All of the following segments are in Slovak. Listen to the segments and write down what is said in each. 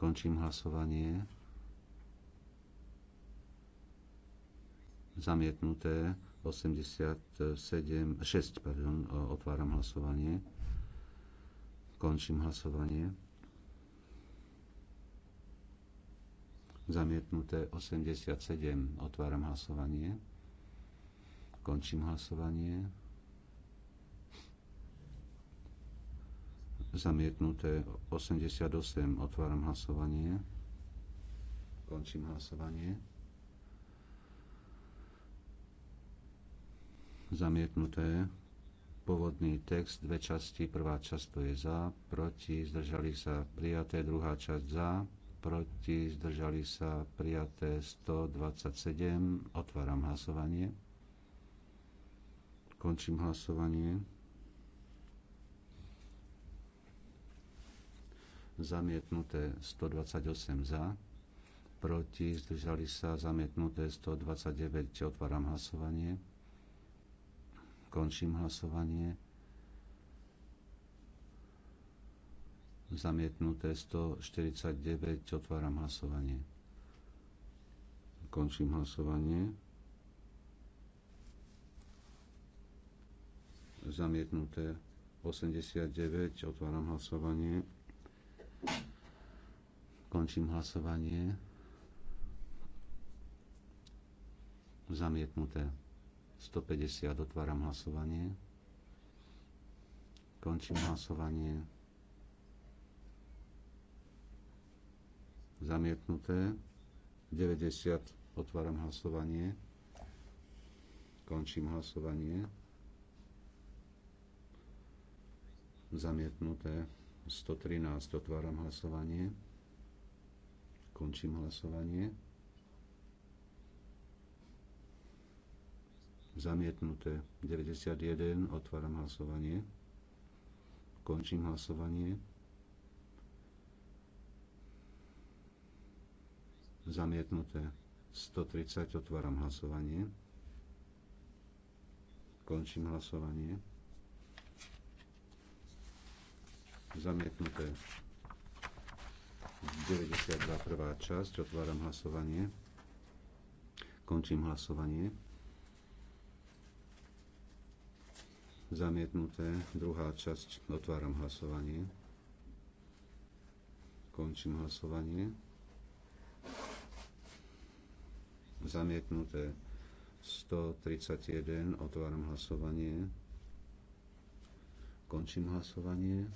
Končím hlasovanie. Zamietnuté 87, 6, pardon, otváram hlasovanie. Končím hlasovanie. Zamietnuté 87, otváram hlasovanie. Končím hlasovanie. Zamietnuté 88. Otváram hlasovanie. Končím hlasovanie. Zamietnuté pôvodný text, dve časti, prvá časť to je za, proti, zdržali sa prijaté, druhá časť za, proti, zdržali sa prijaté 127. Otváram hlasovanie. Končím hlasovanie. zamietnuté 128 za, proti, zdržali sa, zamietnuté 129, otváram hlasovanie, končím hlasovanie, zamietnuté 149, otváram hlasovanie, končím hlasovanie, zamietnuté 89, otváram hlasovanie, Končím hlasovanie. Zamietnuté. 150. Otváram hlasovanie. Končím hlasovanie. Zamietnuté. 90. Otváram hlasovanie. Končím hlasovanie. Zamietnuté. 113. Otváram hlasovanie. Končím hlasovanie. Zamietnuté 91. Otváram hlasovanie. Končím hlasovanie. Zamietnuté 130. Otváram hlasovanie. Končím hlasovanie. zamietnuté 92 prvá časť, otváram hlasovanie, končím hlasovanie, zamietnuté druhá časť, otváram hlasovanie, končím hlasovanie, zamietnuté 131, otváram hlasovanie, končím hlasovanie,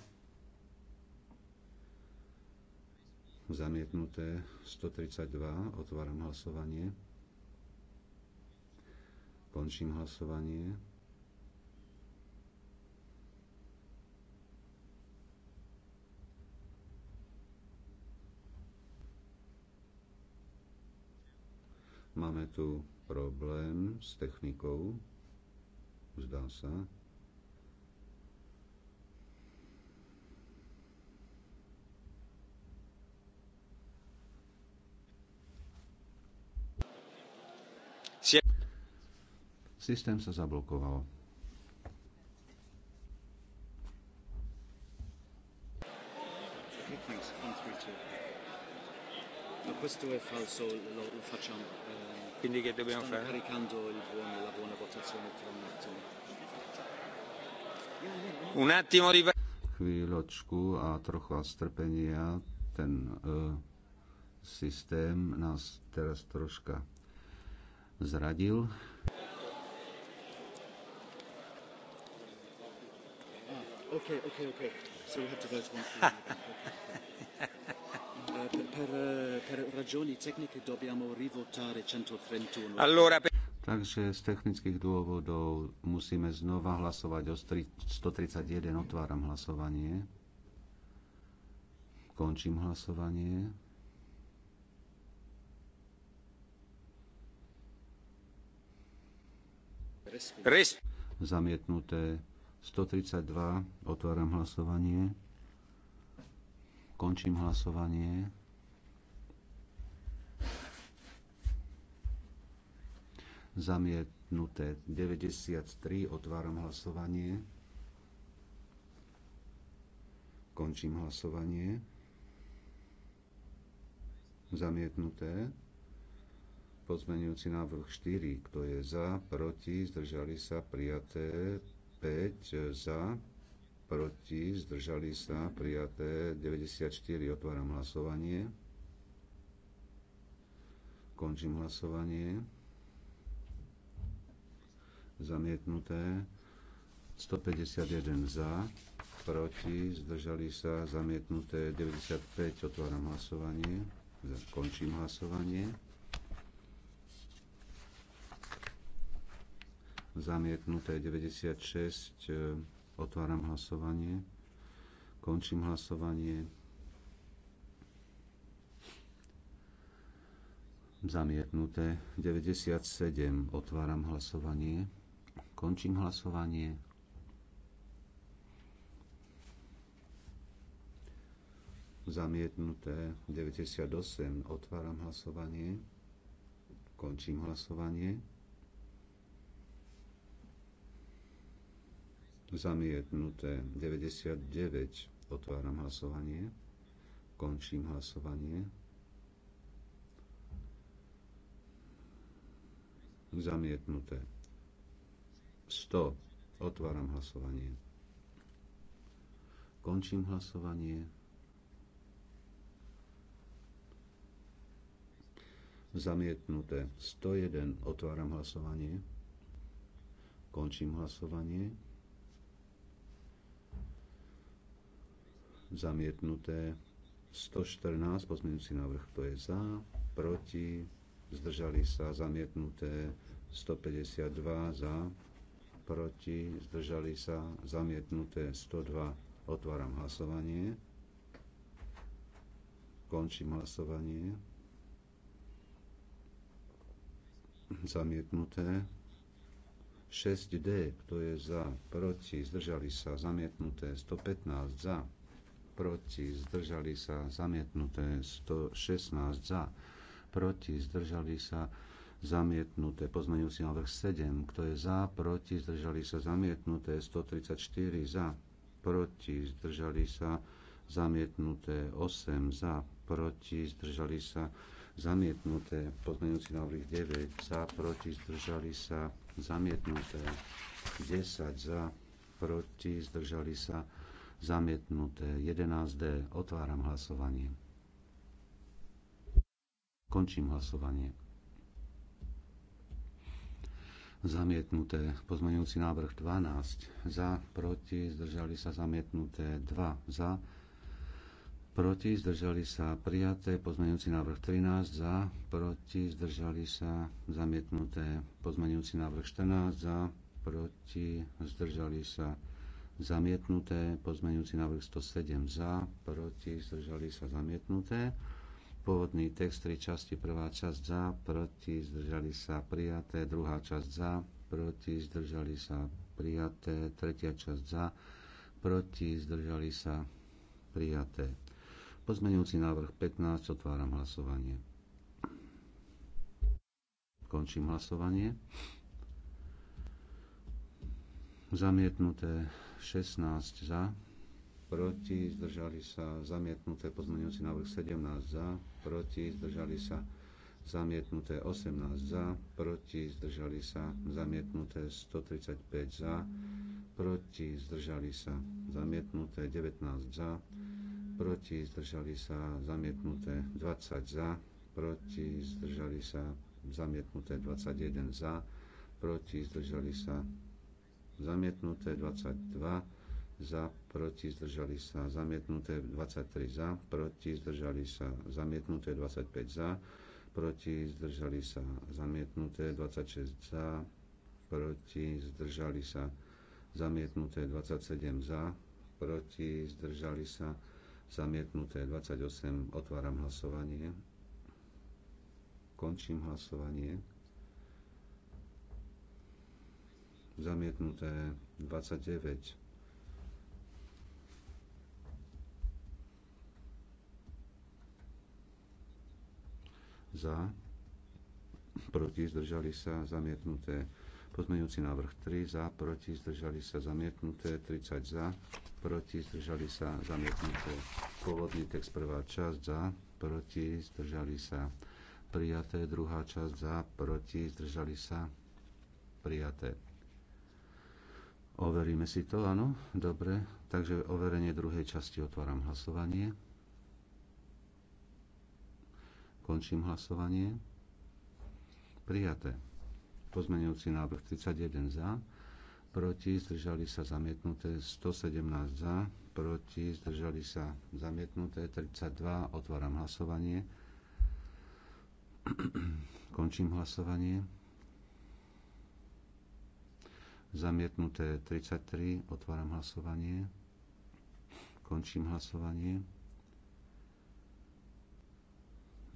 zamietnuté 132, otváram hlasovanie, končím hlasovanie. Máme tu problém s technikou, zdá sa. Systém sa zablokoval. questo è falso, lo, lo facciamo. Eh, Quindi che dobbiamo stanno fare? caricando il buon, la buona votazione tra un attimo. Un attimo di... Chvíľočku a trochu strpenia. Ten uh, systém nás teraz troška zradil. okay, okay, okay. So we have to vote once for Allora, per... Takže z technických dôvodov musíme znova hlasovať o 131. Otváram hlasovanie. Končím hlasovanie. Zamietnuté. 132. Otváram hlasovanie. Končím hlasovanie. Zamietnuté 93. Otváram hlasovanie. Končím hlasovanie. Zamietnuté. Pozmenujúci návrh 4. Kto je za, proti, zdržali sa, prijaté. 5 za, proti, zdržali sa, prijaté 94, otváram hlasovanie. Končím hlasovanie. Zamietnuté 151 za, proti, zdržali sa, zamietnuté 95, otváram hlasovanie. Končím hlasovanie zamietnuté 96, e, otváram hlasovanie, končím hlasovanie, zamietnuté 97, otváram hlasovanie, končím hlasovanie, zamietnuté 98, otváram hlasovanie, končím hlasovanie, zamietnuté 99. Otváram hlasovanie. Končím hlasovanie. Zamietnuté 100. Otváram hlasovanie. Končím hlasovanie. Zamietnuté 101. Otváram hlasovanie. Končím hlasovanie. zamietnuté 114, pozmeňujúci návrh, kto je za, proti, zdržali sa, zamietnuté 152, za, proti, zdržali sa, zamietnuté 102. Otváram hlasovanie. Končím hlasovanie. Zamietnuté 6D, kto je za, proti, zdržali sa, zamietnuté 115 za, proti, zdržali sa, zamietnuté 116 za, proti, zdržali sa, zamietnuté pozmeňujúci návrh 7, kto je za, proti, zdržali sa, zamietnuté 134 za, proti, zdržali sa, zamietnuté 8 za, proti, zdržali sa, zamietnuté pozmeňujúci návrh 9 za, proti, zdržali sa, zamietnuté 10 za, proti, zdržali sa, zamietnuté 11D. Otváram hlasovanie. Končím hlasovanie. Zamietnuté pozmeňujúci návrh 12 za, proti, zdržali sa zamietnuté 2 za, proti, zdržali sa prijaté pozmeňujúci návrh 13 za, proti, zdržali sa zamietnuté pozmeňujúci návrh 14 za, proti, zdržali sa zamietnuté, pozmeňujúci návrh 107 za, proti, zdržali sa zamietnuté, pôvodný text 3 časti, prvá časť za, proti, zdržali sa prijaté, druhá časť za, proti, zdržali sa prijaté, tretia časť za, proti, zdržali sa prijaté. Pozmeňujúci návrh 15, otváram hlasovanie. Končím hlasovanie. Zamietnuté 16 za, proti, zdržali sa zamietnuté pozmeňujúci návrh 17 za, proti, zdržali sa zamietnuté 18 za, proti, zdržali sa zamietnuté 135 za, proti, zdržali sa zamietnuté 19 za, proti, zdržali sa zamietnuté 20 za, proti, zdržali sa zamietnuté 21 za, proti, zdržali sa zamietnuté 22 za, proti zdržali sa zamietnuté 23 za, proti zdržali sa zamietnuté 25 za, proti zdržali sa zamietnuté 26 za, proti zdržali sa zamietnuté 27 za, proti zdržali sa zamietnuté 28. Otváram hlasovanie. Končím hlasovanie. zamietnuté 29. Za, proti, zdržali sa, zamietnuté. Pozmeňujúci návrh 3, za, proti, zdržali sa, zamietnuté. 30 za, proti, zdržali sa, zamietnuté. Pôvodný text prvá časť, za, proti, zdržali sa, prijaté. Druhá časť, za, proti, zdržali sa, prijaté. Overíme si to, áno? Dobre. Takže overenie druhej časti otváram hlasovanie. Končím hlasovanie. Prijaté. Pozmenujúci návrh 31 za, proti, zdržali sa zamietnuté 117 za, proti, zdržali sa zamietnuté 32, otváram hlasovanie. Končím hlasovanie Zamietnuté 33. Otváram hlasovanie. Končím hlasovanie.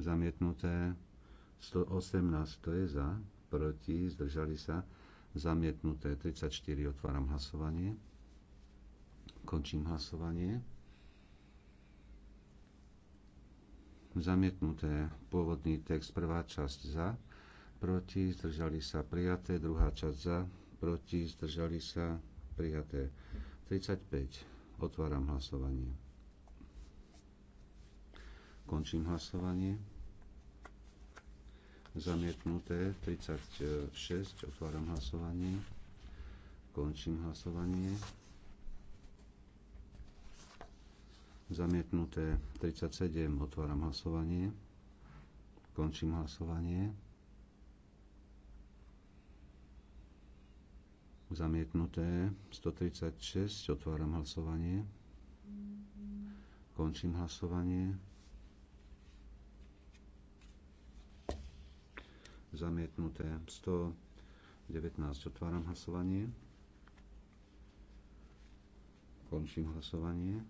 Zamietnuté 118. To je za. Proti. Zdržali sa. Zamietnuté 34. Otváram hlasovanie. Končím hlasovanie. Zamietnuté pôvodný text, prvá časť za, proti, zdržali sa prijaté, druhá časť za, proti, zdržali sa, prijaté. 35. Otváram hlasovanie. Končím hlasovanie. Zamietnuté. 36. Otváram hlasovanie. Končím hlasovanie. Zamietnuté. 37. Otváram hlasovanie. Končím hlasovanie. Zamietnuté 136. Otváram hlasovanie. Končím hlasovanie. Zamietnuté 119. Otváram hlasovanie. Končím hlasovanie.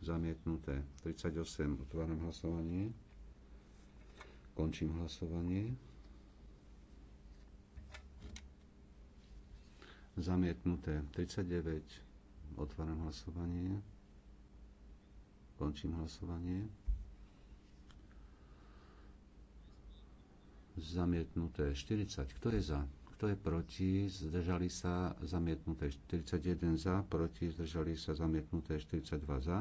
Zamietnuté 38. Otváram hlasovanie. Končím hlasovanie. Zamietnuté 39. Otváram hlasovanie. Končím hlasovanie. Zamietnuté 40. Kto je za? Kto je proti? Zdržali sa zamietnuté 41 za, proti zdržali sa zamietnuté 42 za,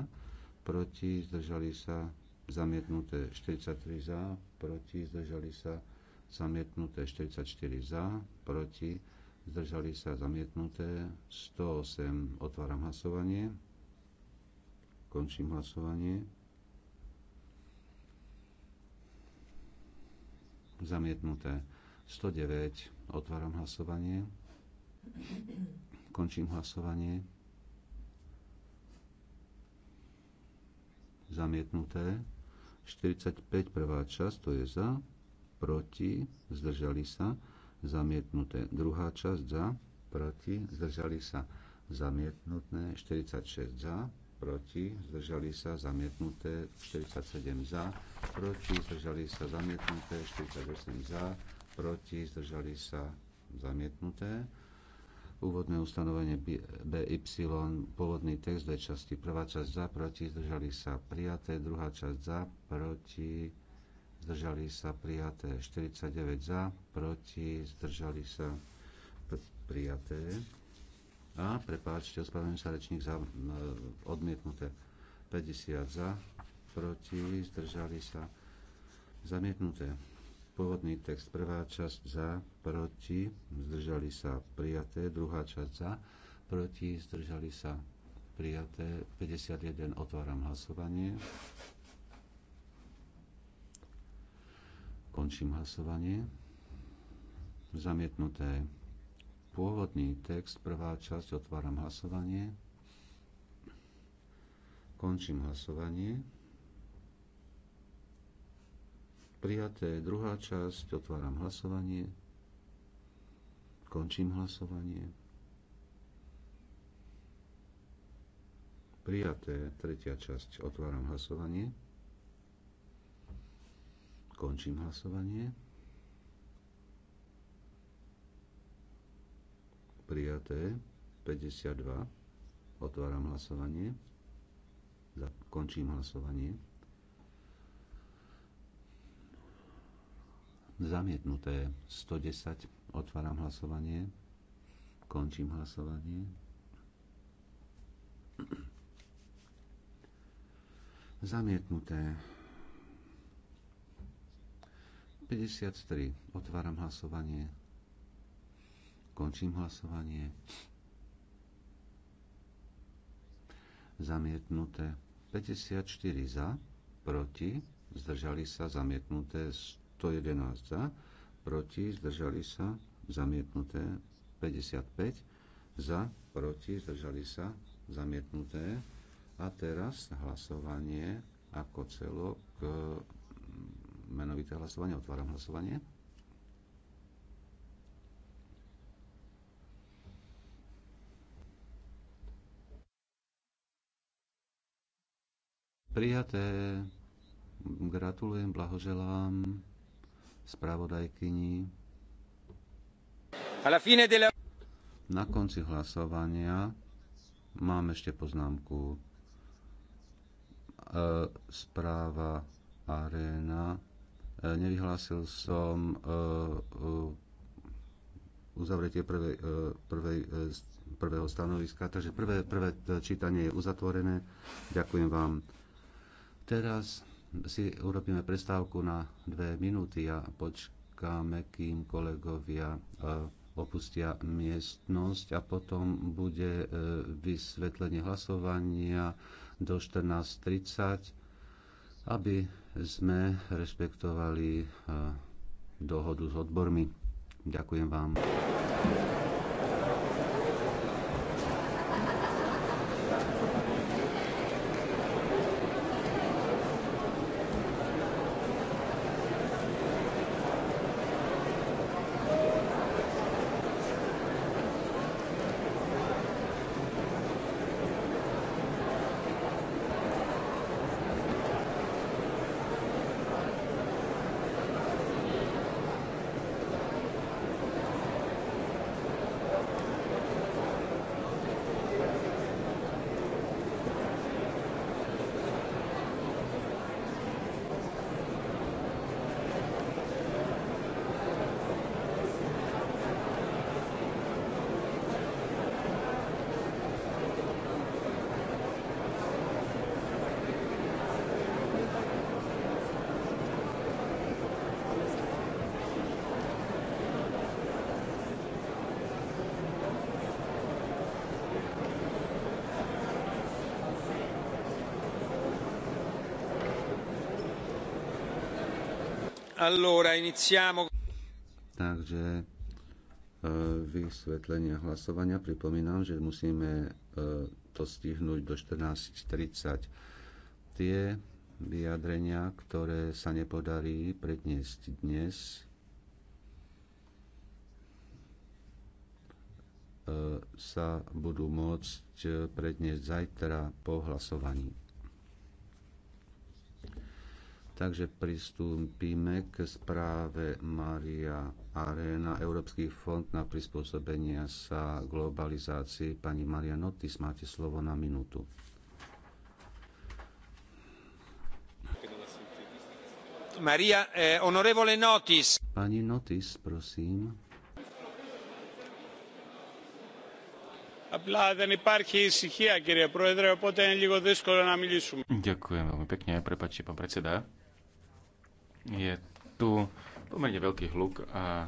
proti zdržali sa zamietnuté 43 za, proti zdržali sa zamietnuté 44 za, proti zdržali sa zamietnuté, 108, otváram hlasovanie, končím hlasovanie, zamietnuté, 109, otváram hlasovanie, končím hlasovanie, zamietnuté, 45, prvá časť, to je za, proti, zdržali sa, zamietnuté. Druhá časť za, proti, zdržali sa zamietnuté. 46 za, proti, zdržali sa zamietnuté. 47 za, proti, zdržali sa zamietnuté. 48 za, proti, zdržali sa zamietnuté. Úvodné ustanovenie BY, pôvodný text dve časti. Prvá časť za, proti, zdržali sa prijaté. Druhá časť za, proti, zdržali sa prijaté 49 za, proti, zdržali sa prijaté. A, prepáčte, ospravedlňujem sa rečník za e, odmietnuté 50 za, proti, zdržali sa zamietnuté. Pôvodný text, prvá časť za, proti, zdržali sa prijaté, druhá časť za, proti, zdržali sa prijaté, 51, otváram hlasovanie. Končím hlasovanie. Zamietnuté. Pôvodný text, prvá časť, otváram hlasovanie. Končím hlasovanie. Prijaté druhá časť, otváram hlasovanie. Končím hlasovanie. Prijaté tretia časť, otváram hlasovanie. Končím hlasovanie. Prijaté 52. Otváram hlasovanie. Končím hlasovanie. Zamietnuté 110. Otváram hlasovanie. Končím hlasovanie. Zamietnuté 53. Otváram hlasovanie. Končím hlasovanie. Zamietnuté. 54 za, proti, zdržali sa, zamietnuté 111 za, proti, zdržali sa, zamietnuté 55 za, proti, zdržali sa, zamietnuté. A teraz hlasovanie ako celok menovité hlasovanie. Otváram hlasovanie. Prijaté. Gratulujem, blahoželám spravodajkyni. Na konci hlasovania mám ešte poznámku. E, správa Arena E, nevyhlásil som e, e, uzavretie prvej, prvej, prvého stanoviska, takže prvé, prvé čítanie je uzatvorené. Ďakujem vám. Teraz si urobíme prestávku na dve minúty a počkáme, kým kolegovia opustia miestnosť a potom bude vysvetlenie hlasovania do 14.30, aby sme rešpektovali eh, dohodu s odbormi. Ďakujem vám. Takže e, vysvetlenia hlasovania. Pripomínam, že musíme e, to stihnúť do 14.30. Tie vyjadrenia, ktoré sa nepodarí predniesť dnes, e, sa budú môcť predniesť zajtra po hlasovaní. Takže pristúpime k správe Maria Arena, Európsky fond na prispôsobenie sa globalizácii. Pani Maria Notis, máte slovo na minútu. Maria, eh, onorevole Notis. Pani Notis, prosím. Απλά δεν υπάρχει ησυχία, κύριε Πρόεδρε, οπότε είναι λίγο δύσκολο να μιλήσουμε. Ďakujem veľmi pekne, prepáčte, pán predseda. Je tu pomerne veľký hluk a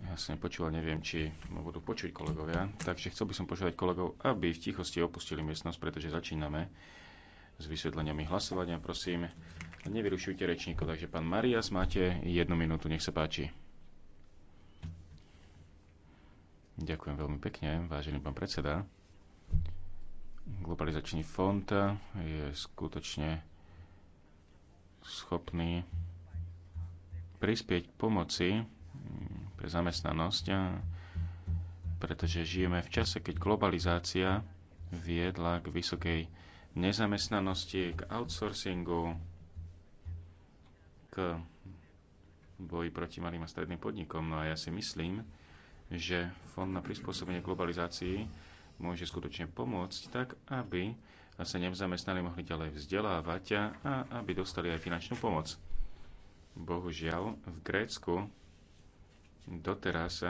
ja som nepočul, neviem, či ma budú počuť kolegovia. Takže chcel by som požiadať kolegov, aby v tichosti opustili miestnosť, pretože začíname s vysvetleniami hlasovania. Prosím, nevyrušujte rečníko. Takže pán Marias, máte jednu minútu, nech sa páči. Ďakujem veľmi pekne, vážený pán predseda. Globalizačný fond je skutočne schopní prispieť k pomoci mm, pre zamestnanosť, pretože žijeme v čase, keď globalizácia viedla k vysokej nezamestnanosti, k outsourcingu, k boji proti malým a stredným podnikom. No a ja si myslím, že Fond na prispôsobenie globalizácii môže skutočne pomôcť tak, aby a sa nezamestnaní mohli ďalej vzdelávať a aby dostali aj finančnú pomoc. Bohužiaľ, v Grécku doteraz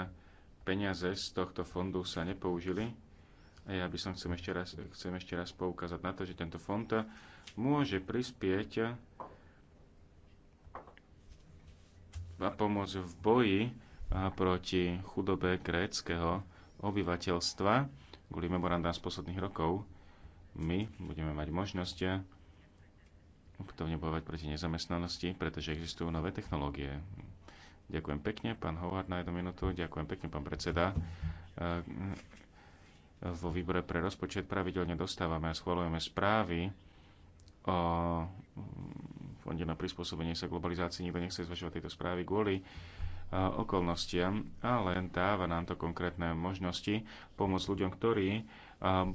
peniaze z tohto fondu sa nepoužili a ja by som chcem ešte raz, chcem ešte raz poukázať na to, že tento fond môže prispieť a pomôcť v boji proti chudobe gréckého obyvateľstva kvôli memorandám z posledných rokov my budeme mať možnosť aktivne bojovať proti nezamestnanosti, pretože existujú nové technológie. Ďakujem pekne, pán Howard, na jednu minútu. Ďakujem pekne, pán predseda. Vo výbore pre rozpočet pravidelne dostávame a schvalujeme správy o fonde na prispôsobenie sa globalizácii. Nikto nechce zvažovať tejto správy kvôli okolnostiam, ale dáva nám to konkrétne možnosti pomôcť ľuďom, ktorí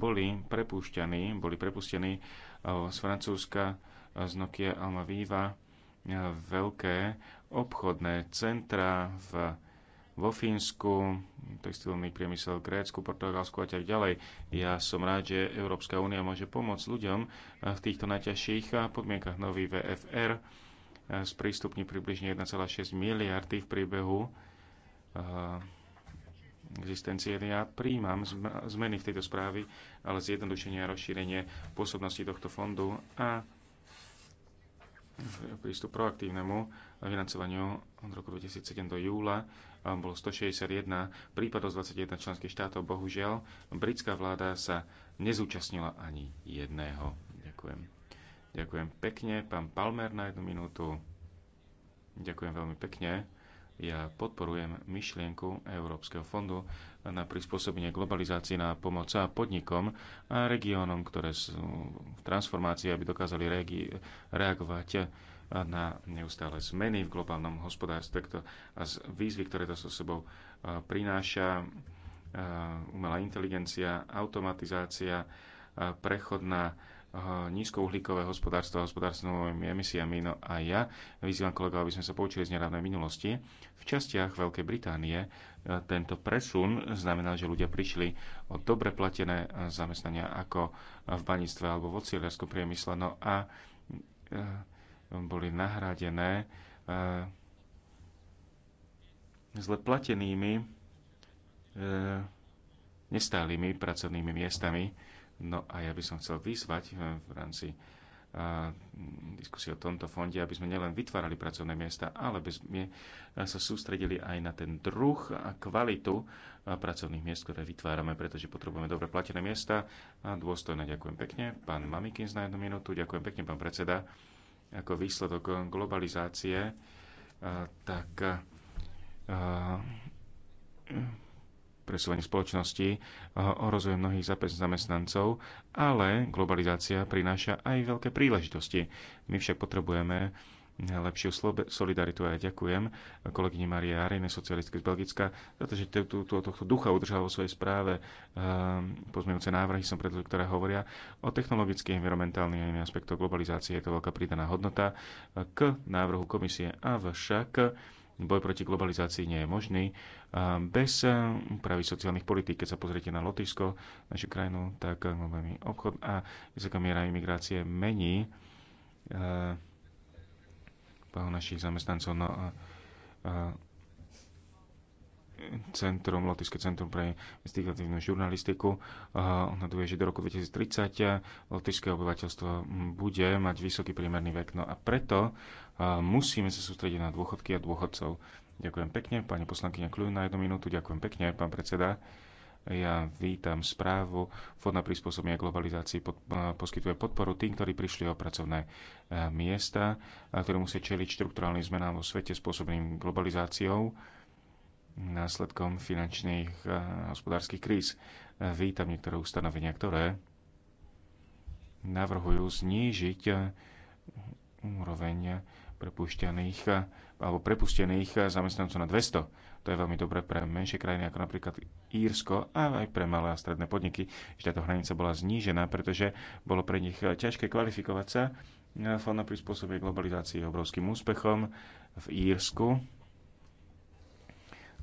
boli prepúšťaní, boli prepustení z Francúzska, z Nokia Alma Viva, veľké obchodné centra v, vo Fínsku, textilný priemysel v Grécku, Portugalsku a tak ďalej. Ja som rád, že Európska únia môže pomôcť ľuďom v týchto najťažších podmienkach. Nový VFR sprístupní približne 1,6 miliardy v priebehu eh, existencie. Ja príjmam zmeny v tejto správy, ale zjednodušenie a rozšírenie pôsobnosti tohto fondu a prístup proaktívnemu financovaniu od roku 2007 do júla bolo 161 prípadov z 21 členských štátov. Bohužiaľ, britská vláda sa nezúčastnila ani jedného. Ďakujem. Ďakujem pekne. Pán Palmer na jednu minútu. Ďakujem veľmi pekne. Ja podporujem myšlienku Európskeho fondu na prispôsobenie globalizácii na pomoc a podnikom a regiónom, ktoré sú v transformácii, aby dokázali reagovať na neustále zmeny v globálnom hospodárstve a výzvy, ktoré to so sebou prináša umelá inteligencia, automatizácia, prechod na nízkouhlíkové hospodárstvo a hospodárstvo novými emisiami. No a ja vyzývam kolegov, aby sme sa poučili z nedávnej minulosti. V častiach Veľkej Británie e, tento presun znamená, že ľudia prišli o dobre platené zamestnania ako v baníctve alebo v oceliarskom priemysle. No a e, boli nahradené e, zle platenými nestálými pracovnými miestami No a ja by som chcel vyzvať eh, v rámci eh, diskusie o tomto fonde, aby sme nielen vytvárali pracovné miesta, ale aby sme eh, sa sústredili aj na ten druh a kvalitu pracovných miest, ktoré vytvárame, pretože potrebujeme dobre platené miesta a dôstojne Ďakujem pekne. Pán Mamikins na jednu minútu. Ďakujem pekne, pán predseda. Ako výsledok globalizácie, tak presúvanie spoločnosti eh, ohrozuje mnohých zamestnancov, ale globalizácia prináša aj veľké príležitosti. My však potrebujeme lepšiu solidaritu a ja ďakujem kolegyni Marie Arejne, socialistky z Belgicka, za to, že tohto ducha udržala vo svojej správe eh, pozmeňujúce návrhy, som predložil, ktoré hovoria o technologických, environmentálnych a iných aspektoch globalizácie. Je to veľká pridaná hodnota k návrhu komisie, avšak Boj proti globalizácii nie je možný bez e, úpravy sociálnych politík. Keď sa pozriete na Lotyšsko, našu krajinu, tak máme obchod a vysoká miera imigrácie mení uh, našich zamestnancov. No, uh, centrum, Lotyšské centrum pre investigatívnu žurnalistiku odhaduje, že do roku 2030 lotyšské obyvateľstvo bude mať vysoký priemerný vek. No a preto musíme sa sústrediť na dôchodky a dôchodcov. Ďakujem pekne, pani poslankyňa Kľujú na jednu minútu. Ďakujem pekne, pán predseda. Ja vítam správu. Fond na prispôsobenie globalizácii pod, poskytuje podporu tým, ktorí prišli o pracovné e, miesta, ktoré musia čeliť štruktúrálnym zmenám vo svete spôsobeným globalizáciou následkom finančných a eh, hospodárskych kríz. Eh, vítam niektoré ustanovenia, ktoré navrhujú znížiť eh, úroveň prepušťaných alebo prepustených zamestnancov na 200. To je veľmi dobré pre menšie krajiny ako napríklad Írsko a aj pre malé a stredné podniky, že táto hranica bola znížená, pretože bolo pre nich ťažké kvalifikovať sa. Fond na prispôsobie globalizácii obrovským úspechom v Írsku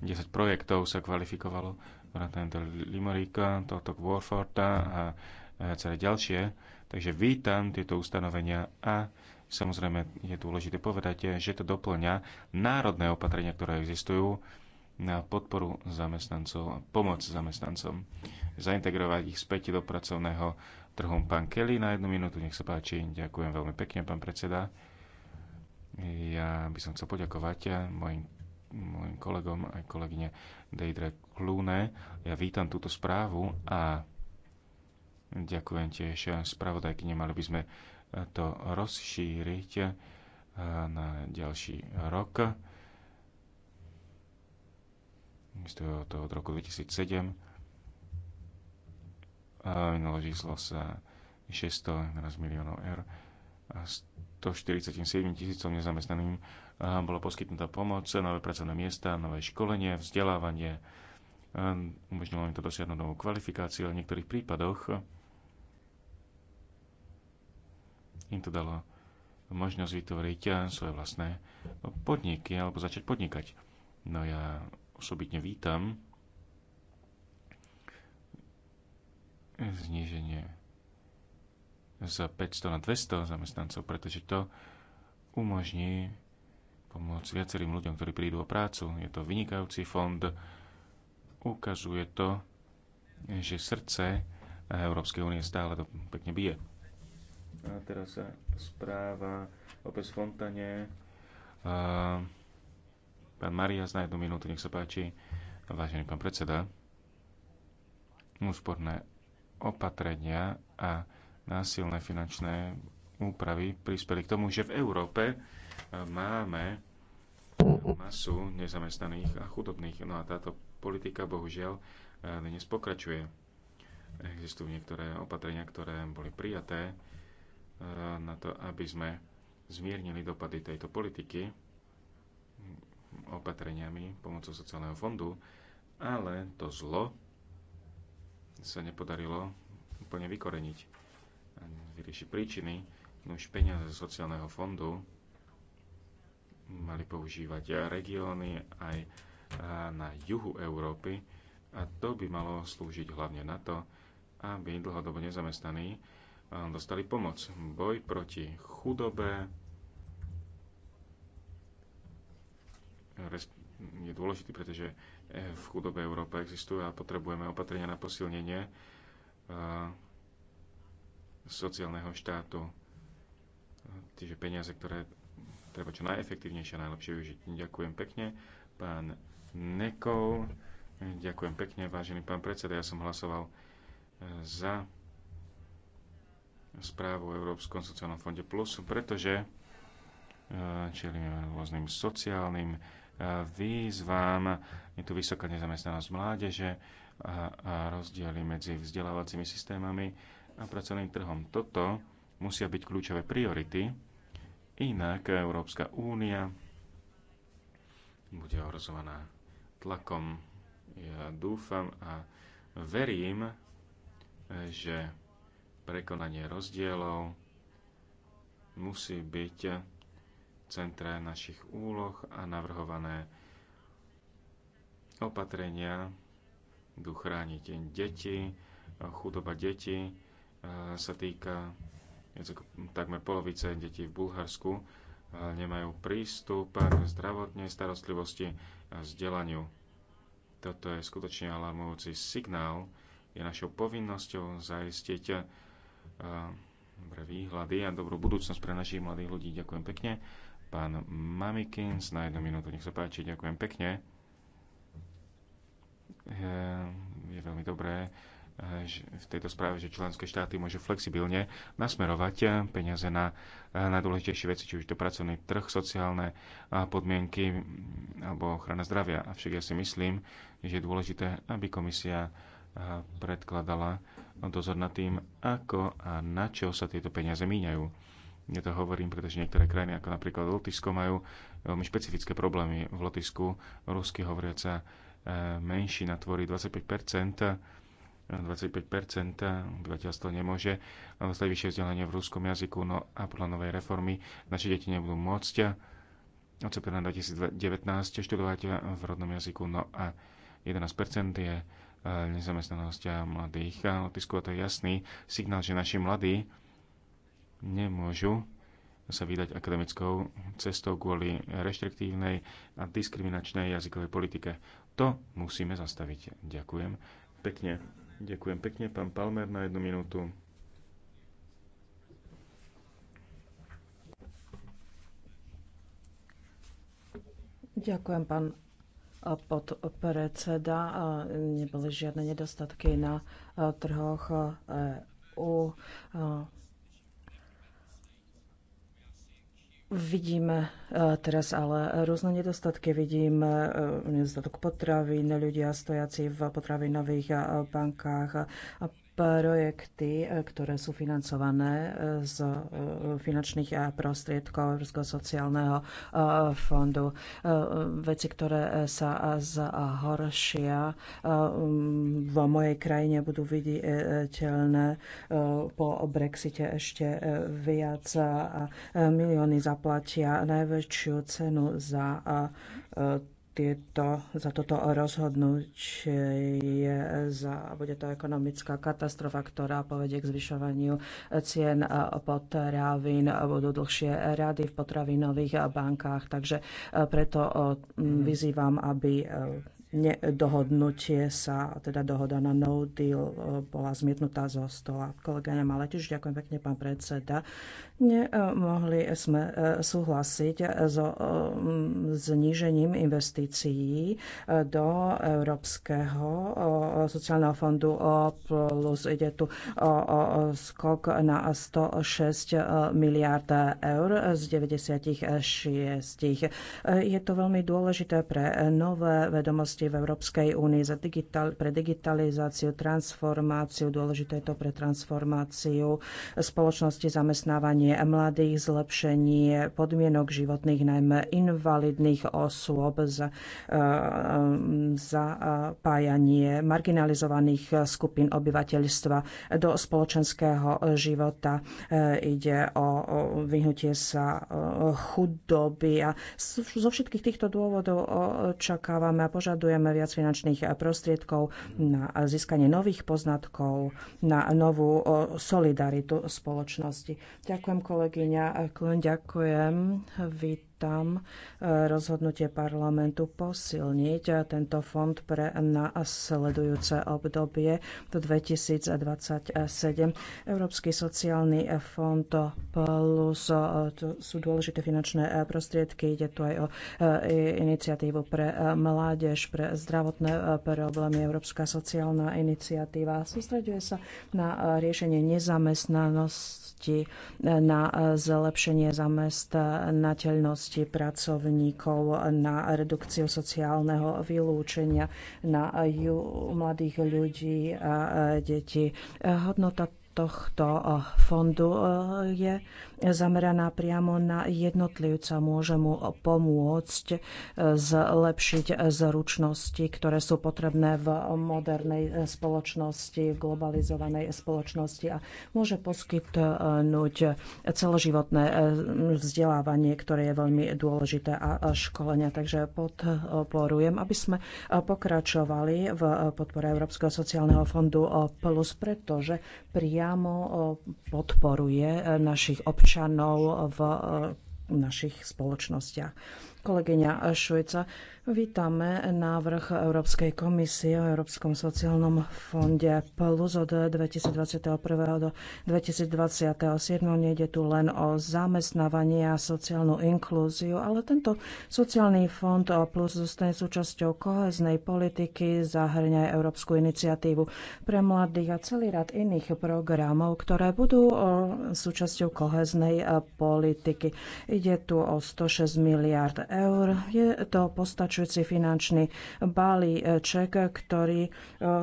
10 projektov sa kvalifikovalo vrátane do Limericka, tohto Warforta a celé ďalšie. Takže vítam tieto ustanovenia a samozrejme je dôležité povedať, že to doplňa národné opatrenia, ktoré existujú na podporu zamestnancov a pomoc zamestnancom. Zaintegrovať ich späť do pracovného trhu. Pán Kelly na jednu minútu, nech sa páči. Ďakujem veľmi pekne, pán predseda. Ja by som chcel poďakovať mojim môjim kolegom aj kolegyne Deidre Klune. Ja vítam túto správu a ďakujem tiež spravodajkyne. Mali by sme to rozšíriť eh, na ďalší rok. Existuje to od roku 2007. číslo eh, sa 600 miliónov eur a 147 tisícom nezamestnaným bola poskytnutá pomoc, nové pracovné miesta, nové školenie, vzdelávanie. Ehm, umožnilo im to dosiahnuť novú kvalifikáciu ale v niektorých prípadoch im to dalo možnosť vytvoriť eh, svoje vlastné podniky alebo začať podnikať. No ja osobitne vítam zníženie z 500 na 200 zamestnancov, pretože to umožní pomôcť viacerým ľuďom, ktorí prídu o prácu. Je to vynikajúci fond. Ukazuje to, že srdce Európskej únie stále to pekne bije. A teraz sa správa opäť spontane. Pán Marias na jednu minútu, nech sa páči. Vážený pán predseda, úsporné opatrenia a násilné finančné úpravy prispeli k tomu, že v Európe e, máme masu nezamestnaných a chudobných. No a táto politika bohužiaľ e, dnes pokračuje. Existujú niektoré opatrenia, ktoré boli prijaté e, na to, aby sme zmiernili dopady tejto politiky opatreniami pomocou sociálneho fondu, ale to zlo sa nepodarilo úplne vykoreniť, vyriešiť príčiny už peniaze zo sociálneho fondu mali používať regióny aj na juhu Európy a to by malo slúžiť hlavne na to, aby dlhodobo nezamestnaní dostali pomoc. Boj proti chudobe je dôležitý, pretože e, v chudobe Európa existuje a potrebujeme opatrenia na posilnenie sociálneho štátu Čiže peniaze, ktoré treba čo najefektívnejšie a najlepšie využiť. Ďakujem pekne, pán Nekov. Ďakujem pekne, vážený pán predseda. Ja som hlasoval e, za správu o Európskom sociálnom fonde Plus, pretože e, čelíme rôznym sociálnym e, výzvam. Je tu vysoká nezamestnanosť mládeže a rozdiely medzi vzdelávacími systémami a pracovným trhom. Toto musia byť kľúčové priority, inak Európska únia bude ohrozovaná tlakom. Ja dúfam a verím, že prekonanie rozdielov musí byť v centre našich úloh a navrhované opatrenia budú chrániť deti. Chudoba detí eh, sa týka takmer polovice detí v Bulharsku e, nemajú prístup k zdravotnej starostlivosti a vzdelaniu. Toto je skutočne alarmujúci signál. Je našou povinnosťou zaistiť e, dobré výhľady a dobrú budúcnosť pre našich mladých ľudí. Ďakujem pekne. Pán Mamikins, na jednu minútu, nech sa páči, ďakujem pekne. E, je veľmi dobré, Eh, v tejto správe, že členské štáty môžu flexibilne nasmerovať eh, peniaze na eh, najdôležitejšie veci, či už to pracovný trh, sociálne podmienky alebo ochrana zdravia. Avšak ja si myslím, že je dôležité, aby komisia predkladala dozor nad tým, ako a na čo sa tieto peniaze míňajú. Ja to hovorím, pretože niektoré krajiny, ako napríklad Lotyšsko, majú veľmi špecifické problémy. V Lotyšsku rusky hovoriaca menšina tvorí 25 25 obyvateľstvo nemôže dostať vyššie vzdelanie v ruskom jazyku, no a podľa novej reformy naše deti nebudú môcť od septembra 2019 študovať v rodnom jazyku, no a 11 je e, nezamestnanosť mladých. A odpisku to je jasný signál, že naši mladí nemôžu sa vydať akademickou cestou kvôli reštriktívnej a diskriminačnej jazykovej politike. To musíme zastaviť. Ďakujem pekne. Ďakujem pekne, pán Palmer, na jednu minútu. Ďakujem, pán podpredseda. Neboli žiadne nedostatky na trhoch EU Vidíme e, teraz ale rôzne nedostatky. Vidím e, nedostatok potravy, ľudia stojaci v potravinových e, bankách a projekty, e, ktoré sú financované e, z e, finančných prostriedkov Európskeho sociálneho fondu. Veci, ktoré sa zhoršia vo mojej krajine, budú viditeľné po Brexite ešte viac a milióny zaplatia najväčšiu cenu za tieto, za toto je za, bude to ekonomická katastrofa, ktorá povedie k zvyšovaniu cien potravín, budú dlhšie rady v potravinových bankách, takže preto mm, vyzývam, aby dohodnutie sa, teda dohoda na no deal e, bola zmietnutá zo stola. Kolega Nemale ďakujem pekne, pán predseda. Nemohli e, sme e, súhlasiť so znížením investícií do Európskeho sociálneho fondu plus ide tu o skok na 106 miliard eur z 96. Je to veľmi dôležité pre nové vedomosti činnosti v Európskej únii za digital, pre digitalizáciu, transformáciu. Dôležité je to pre transformáciu spoločnosti, zamestnávanie mladých, zlepšenie podmienok životných, najmä invalidných osôb, za, e, e, zapájanie marginalizovaných skupín obyvateľstva do spoločenského života. E, ide o vyhnutie sa chudoby a zo všetkých týchto dôvodov očakávame a požadujeme potrebujeme viac finančných eh, prostriedkov na eh, získanie nových poznatkov, na novú eh, solidaritu spoločnosti. Ďakujem kolegyňa, ďakujem. Vít tam e, rozhodnutie parlamentu posilniť e, tento fond pre následujúce obdobie do 2027. Európsky sociálny fond plus e, sú dôležité finančné prostriedky. Ide tu aj o iniciatívu pre mládež, pre zdravotné problémy, Európska sociálna iniciatíva. Sústreďuje sa na riešenie nezamestnanosti možnosti eh, na eh, zlepšenie zamestnateľnosti pracovníkov, eh, na redukciu sociálneho vylúčenia, na mladých ľudí a deti. Hodnota tohto eh, fondu eh, je zameraná priamo na jednotlivca. Môže mu pomôcť eh, zlepšiť zručnosti, ktoré sú potrebné v modernej spoločnosti, v globalizovanej spoločnosti a môže poskytnúť celoživotné vzdelávanie, ktoré je veľmi dôležité a školenia. Takže podporujem, aby sme pokračovali v podpore Európskeho sociálneho fondu plus, pretože priamo priamo podporuje e, našich občanov v e, našich spoločnostiach. Kolegyňa Šujca, Vítame návrh Európskej komisie o Európskom sociálnom fonde plus od 2021. do 2027. Nejde tu len o zamestnávanie a sociálnu inklúziu, ale tento sociálny fond plus zostane súčasťou koheznej politiky, zahrňa aj Európsku iniciatívu pre mladých a celý rad iných programov, ktoré budú súčasťou koheznej e, politiky. Ide tu o 106 miliard eur. Je to postač pokračujúci finančný balíček, ktorý e,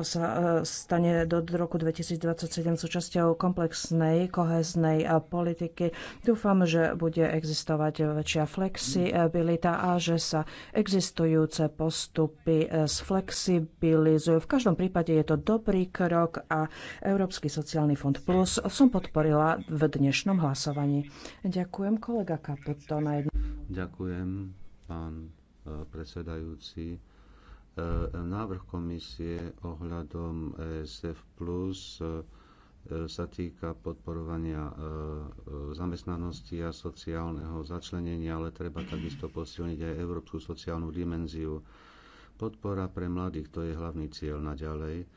sa e, stane do roku 2027 súčasťou komplexnej koheznej politiky. Dúfam, že bude existovať väčšia flexibilita a že sa existujúce postupy e, sflexibilizujú. V každom prípade je to dobrý krok a Európsky sociálny fond plus som podporila v dnešnom hlasovaní. Ďakujem kolega Kaputo na jednu. Ďakujem pán predsedajúci. E, návrh komisie ohľadom ESF Plus e, sa týka podporovania e, zamestnanosti a sociálneho začlenenia, ale treba takisto posilniť aj európsku sociálnu dimenziu. Podpora pre mladých, to je hlavný cieľ naďalej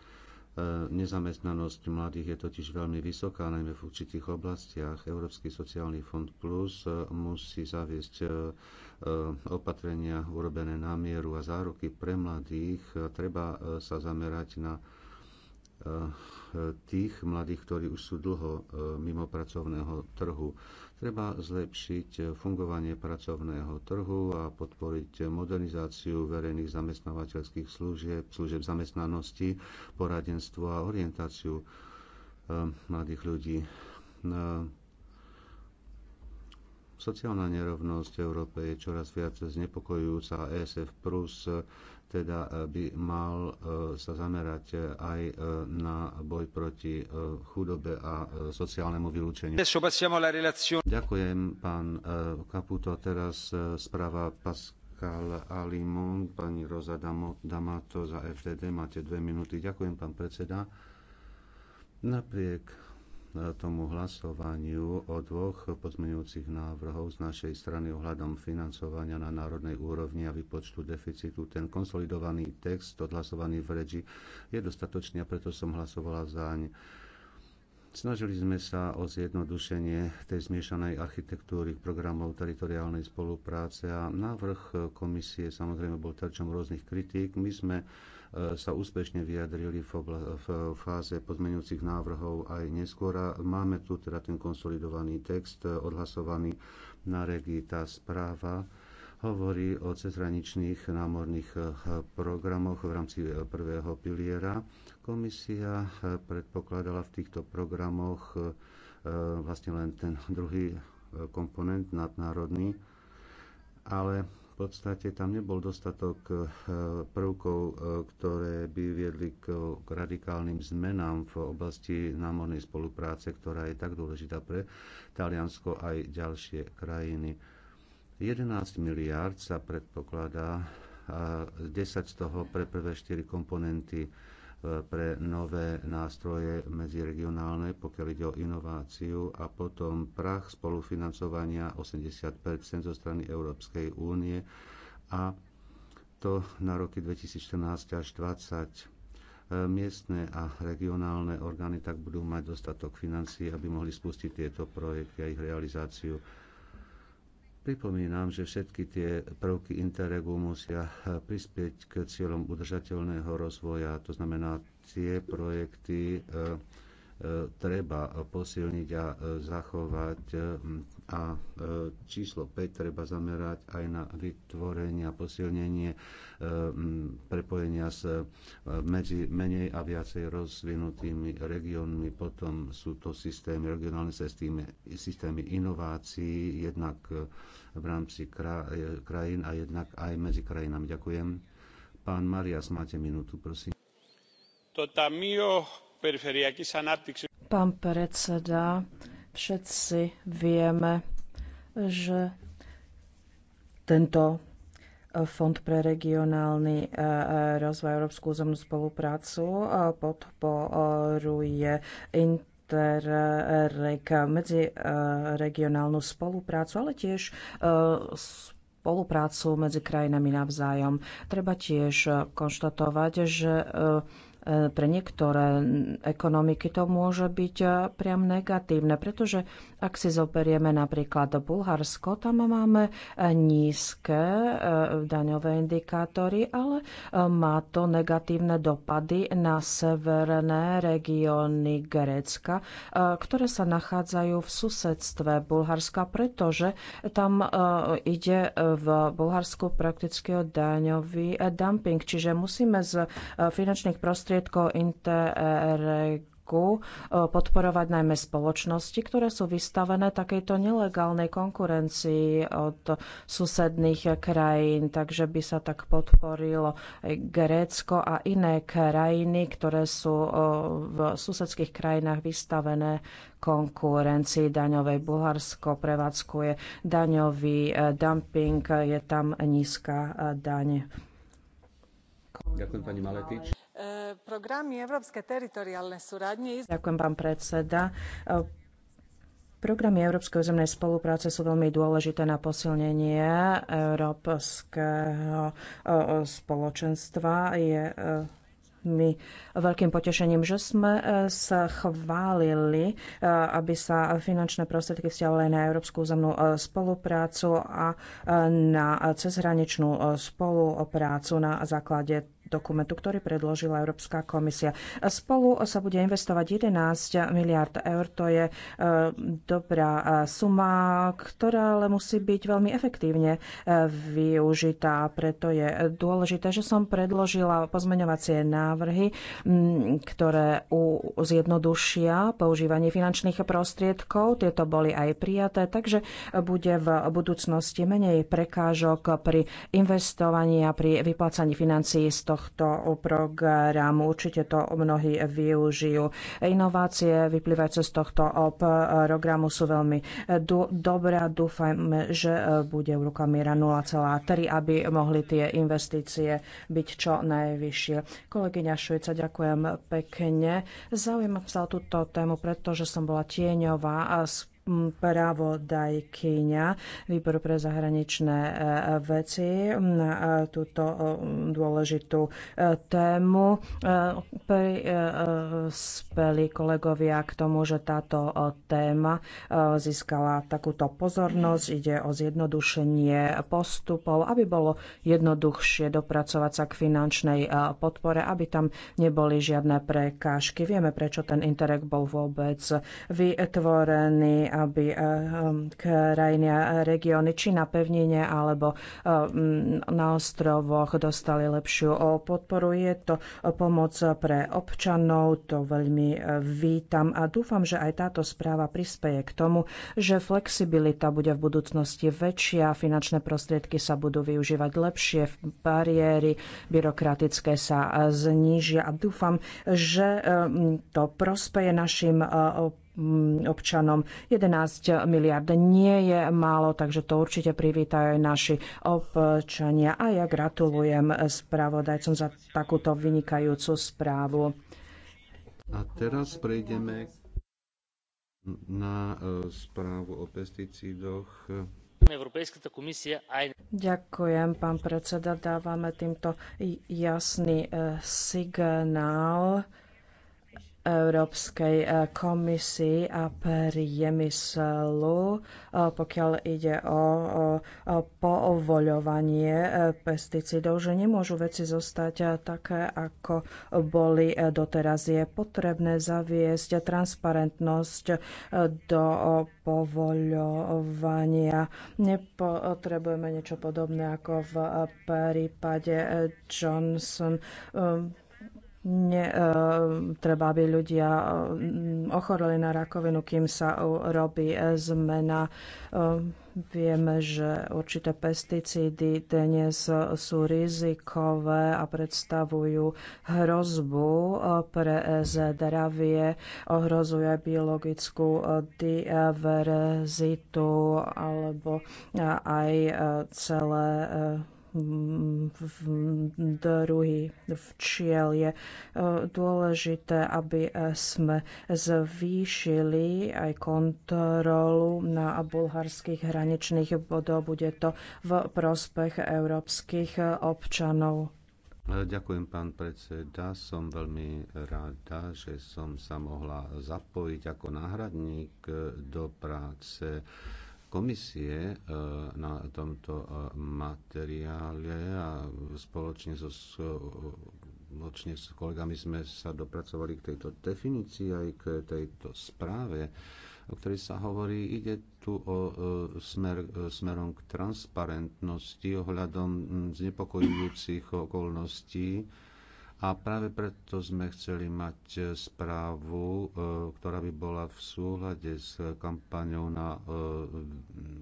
E, nezamestnanosť mladých je totiž veľmi vysoká, najmä v určitých oblastiach. Európsky sociálny fond Plus e, musí zaviesť e, opatrenia urobené na mieru a záruky pre mladých. Treba sa zamerať na tých mladých, ktorí už sú dlho mimo pracovného trhu Treba zlepšiť fungovanie pracovného trhu a podporiť modernizáciu verejných zamestnávateľských služieb, služieb zamestnanosti, poradenstvo a orientáciu eh, mladých ľudí. Eh, sociálna nerovnosť v Európe je čoraz viac znepokojujúca a ESF Plus teda e, by mal e, sa zamerať e, aj na boj proti chudobe a sociálnemu vylúčeniu. Ďakujem, pán Kaputo. Teraz správa Pascal Alimon, pani Rosa Damato za FDD. Máte dve minúty. Ďakujem, pán predseda. Napriek tomu hlasovaniu o dvoch pozmeňujúcich návrhov z našej strany ohľadom financovania na národnej úrovni a vypočtu deficitu. Ten konsolidovaný text odhlasovaný v reči je dostatočný a preto som hlasovala zaň. Snažili sme sa o zjednodušenie tej zmiešanej architektúry programov teritoriálnej spolupráce a návrh komisie samozrejme bol terčom rôznych kritík. My sme sa úspešne vyjadrili v fáze pozmeňujúcich návrhov aj neskôr. máme tu teda ten konsolidovaný text e, odhlasovaný na regii. Tá správa hovorí o cezhraničných námorných e, programoch v rámci e, prvého piliera. Komisia predpokladala v týchto programoch vlastne len ten druhý komponent nadnárodný, ale v podstate tam nebol dostatok e, prvkov, e, ktoré by viedli k radikálnym zmenám v oblasti námornej spolupráce, ktorá je tak dôležitá pre Taliansko aj ďalšie krajiny. 11 miliárd sa predpokladá, 10 z toho pre prvé 4 komponenty pre nové nástroje medziregionálne, pokiaľ ide o inováciu a potom prach spolufinancovania 80 zo strany Európskej únie a to na roky 2014 až 2020 e, miestne a regionálne orgány tak budú mať dostatok financií, aby mohli spustiť tieto projekty a ich realizáciu. Pripomínam, že všetky tie prvky Interregu musia prispieť k cieľom udržateľného rozvoja, to znamená tie projekty, e, treba posilniť a e, zachovať a e, číslo 5 treba zamerať aj na vytvorenie a posilnenie e, prepojenia s medzi menej a viacej rozvinutými regiónmi. Potom sú to systémy, regionálne systémy, systémy inovácií, jednak v rámci krajín a jednak aj medzi krajinami. Ďakujem. Pán Marias, máte minútu, prosím. To tamio Pán predseda, všetci vieme, že tento e, Fond pre regionálny e, e, rozvoj Európsku územnú spoluprácu podporuje Interreg medzi regionálnu spoluprácu, ale tiež spoluprácu medzi krajinami navzájom. Treba tiež konštatovať, že E, pre niektoré ekonomiky to môže byť e, priam negatívne, pretože ak si zoberieme napríklad Bulharsko, tam máme e, nízke daňové indikátory, ale má to negatívne dopady na severné regióny Grécka, ktoré sa nachádzajú v susedstve Bulharska, pretože tam ide v Bulharsku prakticky o daňový dumping. Čiže musíme z finančných prostriedkov prostriedkov Interreg e, podporovať najmä spoločnosti, ktoré sú vystavené takejto nelegálnej konkurencii od susedných krajín. Takže by sa tak podporilo Grécko a iné krajiny, ktoré sú e, v susedských krajinách vystavené konkurencii daňovej. Bulharsko prevádzkuje daňový e, dumping, je tam nízka daň. Ďakujem pani Maletič. E, programy Európskej Ďakujem, pán predseda. E, programy Európskej územnej spolupráce sú veľmi dôležité na posilnenie Európskeho e, spoločenstva. Je mi veľkým potešením, že sme sa chválili, aby sa finančné prostriedky vzťahovali na európsku územnú spoluprácu a na cezhraničnú spoluprácu na základe dokumentu, ktorý predložila Európska komisia. Spolu sa bude investovať 11 miliard eur. To je e, dobrá e, suma, ktorá ale musí byť veľmi efektívne e, využitá. Preto je dôležité, že som predložila pozmeňovacie návrhy, ktoré zjednodušia používanie finančných prostriedkov. Tieto boli aj prijaté, takže bude v budúcnosti menej prekážok pri investovaní a pri vyplácaní financií z tohto programu. Určite to mnohí využijú. Inovácie vyplývajúce z tohto programu sú veľmi do, dobré. Dúfam, že bude úroková miera 0,3, aby mohli tie investície byť čo najvyššie. Kolegyňa Šujca, ďakujem pekne. Zaujímam sa o túto tému, pretože som bola tieňová a pravodajkyňa Výboru pre zahraničné e, veci na e, túto e, dôležitú tému. Prispeli kolegovia k tomu, že táto téma získala takúto pozornosť. Ide o zjednodušenie postupov, aby bolo jednoduchšie dopracovať sa k finančnej podpore, aby tam neboli žiadne prekážky. Vieme, prečo ten Interreg bol vôbec vytvorený aby eh, hm, krajiny a regióny či na pevnine alebo hm, na ostrovoch dostali lepšiu podporu. Je to pomoc pre občanov, to veľmi eh, vítam a dúfam, že aj táto správa prispieje k tomu, že flexibilita bude v budúcnosti väčšia, finančné prostriedky sa budú využívať lepšie, bariéry byrokratické sa eh, znížia a dúfam, že hm, to prospeje našim Mm, občanom. 11 miliard nie je málo, takže to určite privítajú aj naši občania. A ja gratulujem spravodajcom za takúto vynikajúcu správu. A teraz prejdeme na e, správu o pesticídoch. Ďakujem, pán predseda. Dávame týmto jasný e, signál Európskej e, komisii a priemyslu, e, pokiaľ ide o, povoľovanie e, pesticídov, že nemôžu veci zostať také, ako boli doteraz. Je potrebné zaviesť transparentnosť do povoľovania. Nepotrebujeme niečo podobné ako v prípade Johnson ne, e, treba, aby ľudia e, ochoreli na rakovinu, kým sa robí e, zmena. Vieme, že určité pesticídy dnes sú rizikové a predstavujú hrozbu pre zdravie, ohrozuje biologickú diverzitu alebo aj celé druhy včiel. Je eh, dôležité, aby eh, sme zvýšili aj kontrolu na bulharských hraničných bodov. Bude to v prospech európskych eh, občanov. Ďakujem, pán predseda. Som veľmi rada, že som sa mohla zapojiť ako náhradník do práce komisie e, na tomto e, materiále a spoločne so spoločne e, s kolegami sme sa dopracovali k tejto definícii aj k tejto správe, o ktorej sa hovorí. Ide tu o smer, smerom k transparentnosti ohľadom znepokojujúcich okolností a práve preto sme chceli mať e, správu, e, ktorá by bola v súhľade s kampaňou na e,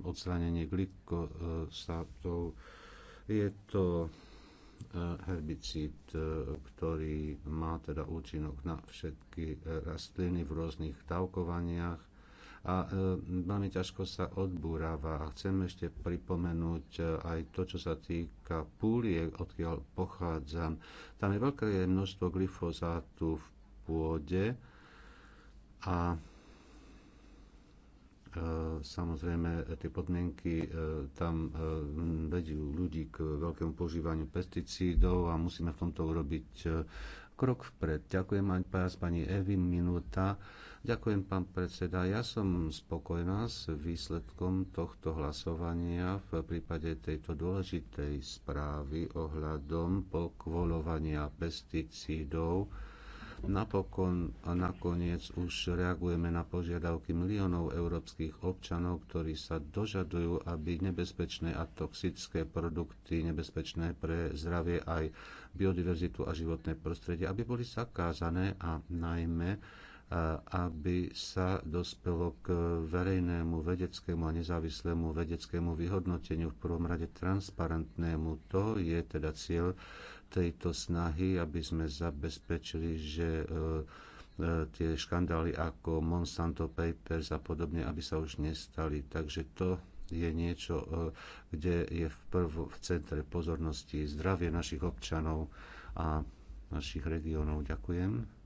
odstránenie glikosátov. Je to herbicid, ktorý má teda účinok na všetky rastliny v rôznych dávkovaniach a e, veľmi ťažko sa odbúrava. A chcem ešte pripomenúť e, aj to, čo sa týka púlie, odkiaľ pochádzam. Tam je veľké množstvo glyfozátu v pôde a e, samozrejme tie podmienky tam vedú ľudí k veľkému používaniu pesticídov a musíme v tomto urobiť krok vpred. Ďakujem aj pani Evi, minúta. Ďakujem, pán predseda. Ja som spokojná s výsledkom tohto hlasovania v prípade tejto dôležitej správy ohľadom pokvolovania pesticídov. Napokon a nakoniec už reagujeme na požiadavky miliónov európskych občanov, ktorí sa dožadujú, aby nebezpečné a toxické produkty, nebezpečné pre zdravie aj biodiverzitu a životné prostredie, aby boli zakázané a najmä aby sa dospelo k verejnému vedeckému a nezávislému vedeckému vyhodnoteniu, v prvom rade transparentnému. To je teda cieľ tejto snahy, aby sme zabezpečili, že e, e, tie škandály ako Monsanto Papers a podobne, aby sa už nestali. Takže to je niečo, e, kde je v, prv, v centre pozornosti zdravie našich občanov a našich regiónov. Ďakujem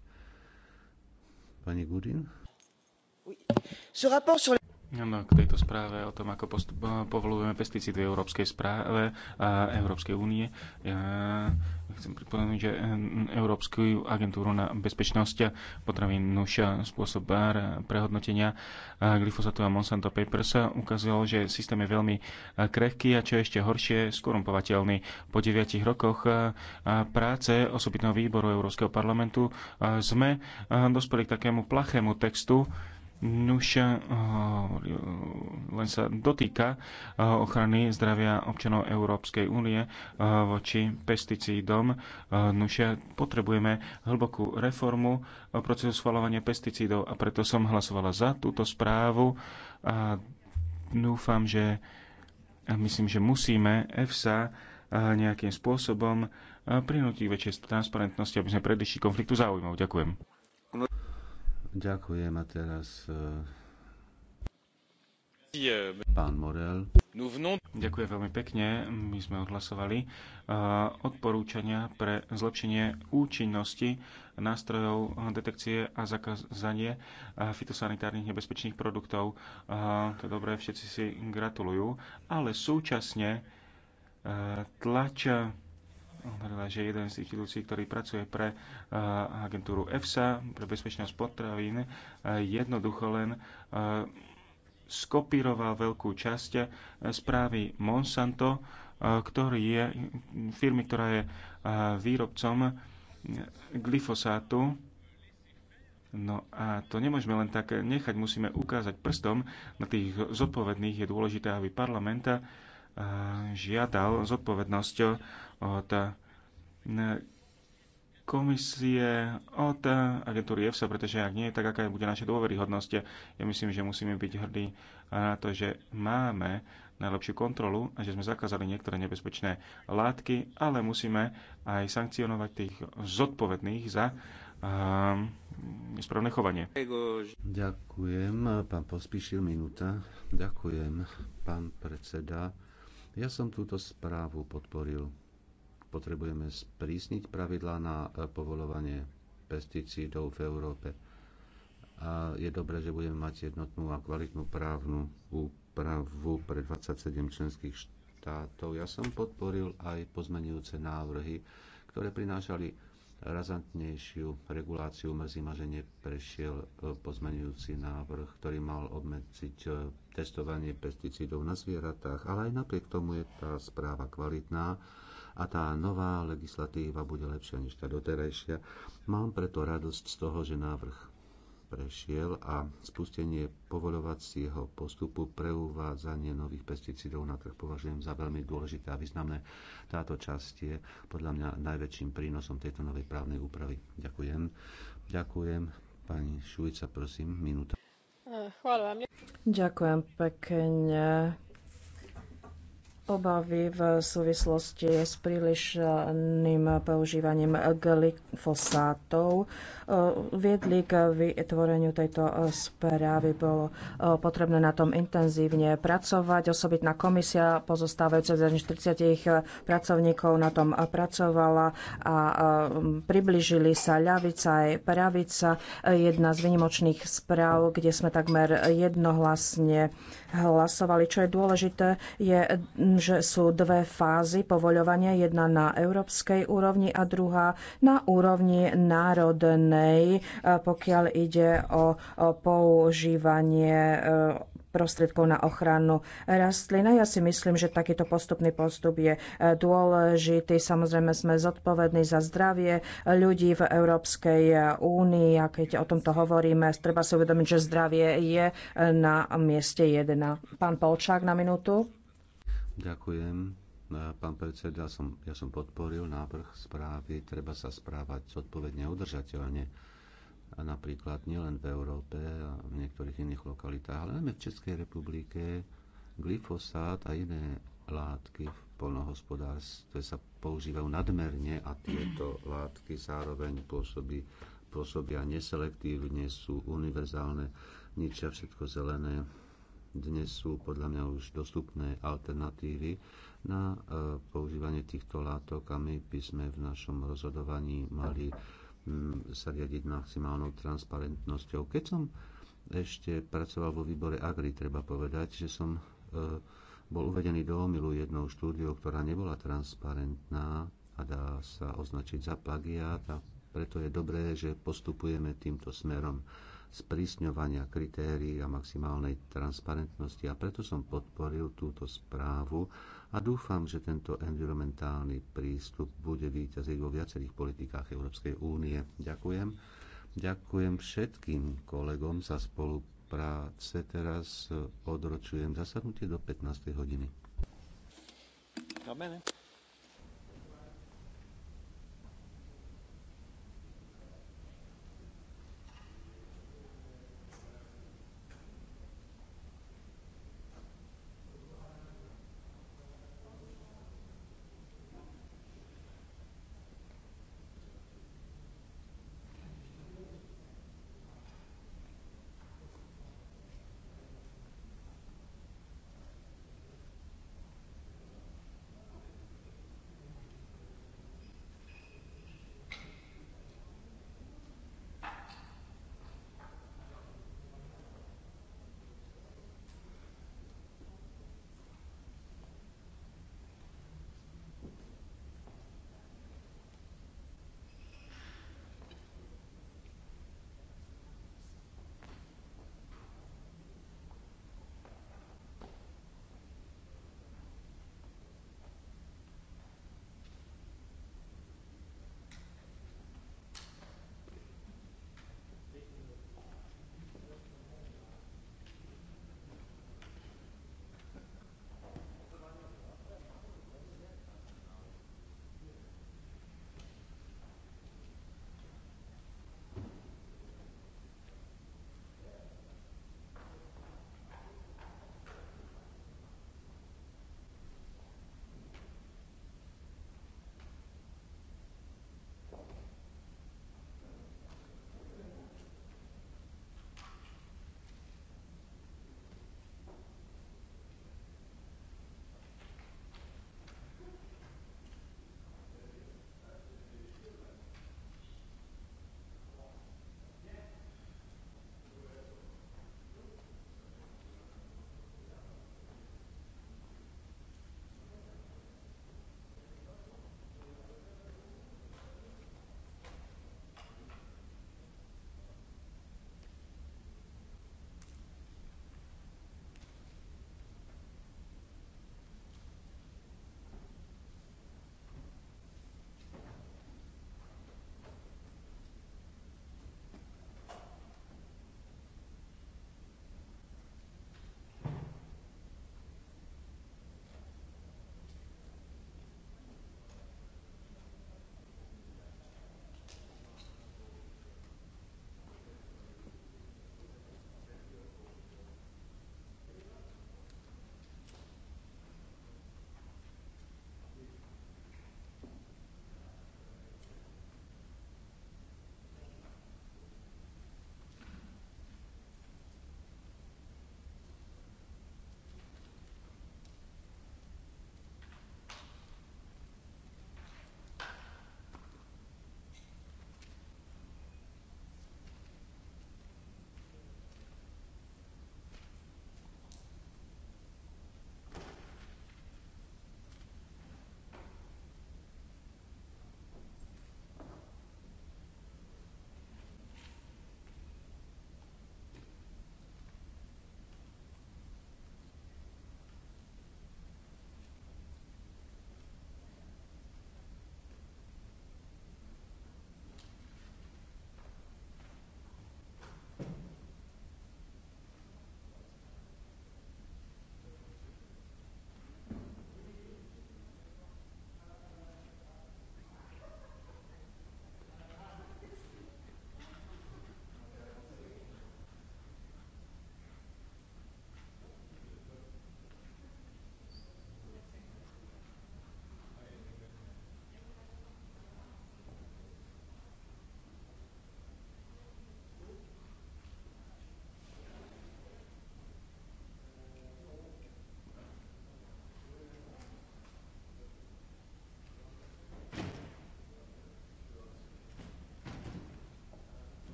pani Gudin. No, k tejto správe o tom, ako postup, povolujeme pesticídy v Európskej správe a Európskej únie. Ja chcem pripomenúť, že Európsku agentúru na bezpečnosť potravín nuša spôsob prehodnotenia glyfosatu a Monsanto Papers ukázalo, že systém je veľmi krehký a čo ešte horšie, skorumpovateľný. Po deviatich rokoch práce osobitného výboru Európskeho parlamentu sme dospeli k takému plachému textu, Nuša, eh, len sa dotýka eh, ochrany zdravia občanov Európskej únie eh, voči pesticídom. Nuša potrebujeme hlbokú reformu procesu schvalovania pesticídov a preto som hlasovala za túto správu a dúfam, že myslím, že musíme EFSA nejakým spôsobom prinútiť väčšie transparentnosti, aby sme predišli konfliktu záujmov. Ďakujem. Ďakujem a teraz eh, Pán Morel. Ďakujem veľmi pekne. My sme odhlasovali eh, odporúčania pre zlepšenie účinnosti nástrojov detekcie a zakázanie eh, fitosanitárnych nebezpečných produktov. To je dobré, všetci si gratulujú, ale súčasne tlača hovorila, že jeden z tých ľudí, ktorý pracuje pre eh, agentúru EFSA, pre bezpečnosť potravín, eh, jednoducho len eh, skopíroval veľkú časť správy Monsanto, ktorý je firmy, ktorá je výrobcom glyfosátu. No a to nemôžeme len tak nechať, musíme ukázať prstom na tých zodpovedných. Je dôležité, aby parlamenta žiadal zodpovednosť od e, komisie, od agentúry EFSA, pretože ak nie, tak aká bude naša dôveryhodnosť. Ja myslím, že musíme byť hrdí na to, že máme najlepšiu kontrolu a že sme zakázali niektoré nebezpečné látky, ale musíme aj sankcionovať tých zodpovedných za správne chovanie. Ďakujem, pán Pospíšil, minúta. Ďakujem, pán predseda. Ja som túto správu podporil. Potrebujeme sprísniť pravidlá na e, povolovanie pesticídov v Európe. A je dobré, že budeme mať jednotnú a kvalitnú právnu úpravu pre 27 členských štátov. Ja som podporil aj pozmenujúce návrhy, ktoré prinášali razantnejšiu reguláciu mrzí ma, že neprešiel e, pozmenujúci návrh, ktorý mal obmedziť e, testovanie pesticídov na zvieratách, ale aj napriek tomu je tá správa kvalitná a tá nová legislatíva bude lepšia než tá doterajšia. Mám preto radosť z toho, že návrh prešiel a spustenie povoľovacieho postupu pre uvádzanie nových pesticídov na trh považujem za veľmi dôležité a významné. Táto časť je podľa mňa najväčším prínosom tejto novej právnej úpravy. Ďakujem. Ďakujem. Pani Šujca, prosím, minúta. Eh, Ďakujem pekne obavy v súvislosti s prílišným používaním glyfosátov e, viedli k vytvoreniu tejto správy. Bolo e, potrebné na tom intenzívne pracovať. Osobitná komisia pozostávajúca z 40 pracovníkov na tom pracovala a e, približili sa ľavica aj pravica. Jedna z vynimočných správ, kde sme takmer jednohlasne hlasovali. Čo je dôležité, je že sú dve fázy povoľovania, jedna na európskej úrovni a druhá na úrovni národnej, e, pokiaľ ide o používanie e, prostriedkov na ochranu rastlina. Ja si myslím, že takýto postupný postup je e, dôležitý. Samozrejme sme zodpovední za zdravie ľudí v Európskej únii a keď o tomto hovoríme, treba si uvedomiť, že zdravie je na mieste jedna. Pán Polčák na minútu. Ďakujem. Pán predseda, ja som, ja som podporil návrh správy. Treba sa správať zodpovedne a udržateľne. A napríklad nielen v Európe a v niektorých iných lokalitách, ale najmä v Českej republike glyfosát a iné látky v polnohospodárstve sa používajú nadmerne a tieto látky zároveň pôsobí, pôsobia neselektívne, sú univerzálne, ničia všetko zelené, dnes sú podľa mňa už dostupné alternatívy na e, používanie týchto látok a my by sme v našom rozhodovaní mali mm, sa riadiť maximálnou transparentnosťou. Keď som ešte pracoval vo výbore Agri, treba povedať, že som e, bol uvedený do omilu jednou štúdiou, ktorá nebola transparentná a dá sa označiť za plagiát a preto je dobré, že postupujeme týmto smerom sprísňovania kritérií a maximálnej transparentnosti. A preto som podporil túto správu a dúfam, že tento environmentálny prístup bude výťaziť vo viacerých politikách Európskej únie. Ďakujem. Ďakujem všetkým kolegom za spolupráce. Teraz odročujem zasadnutie do 15. hodiny. Dobre.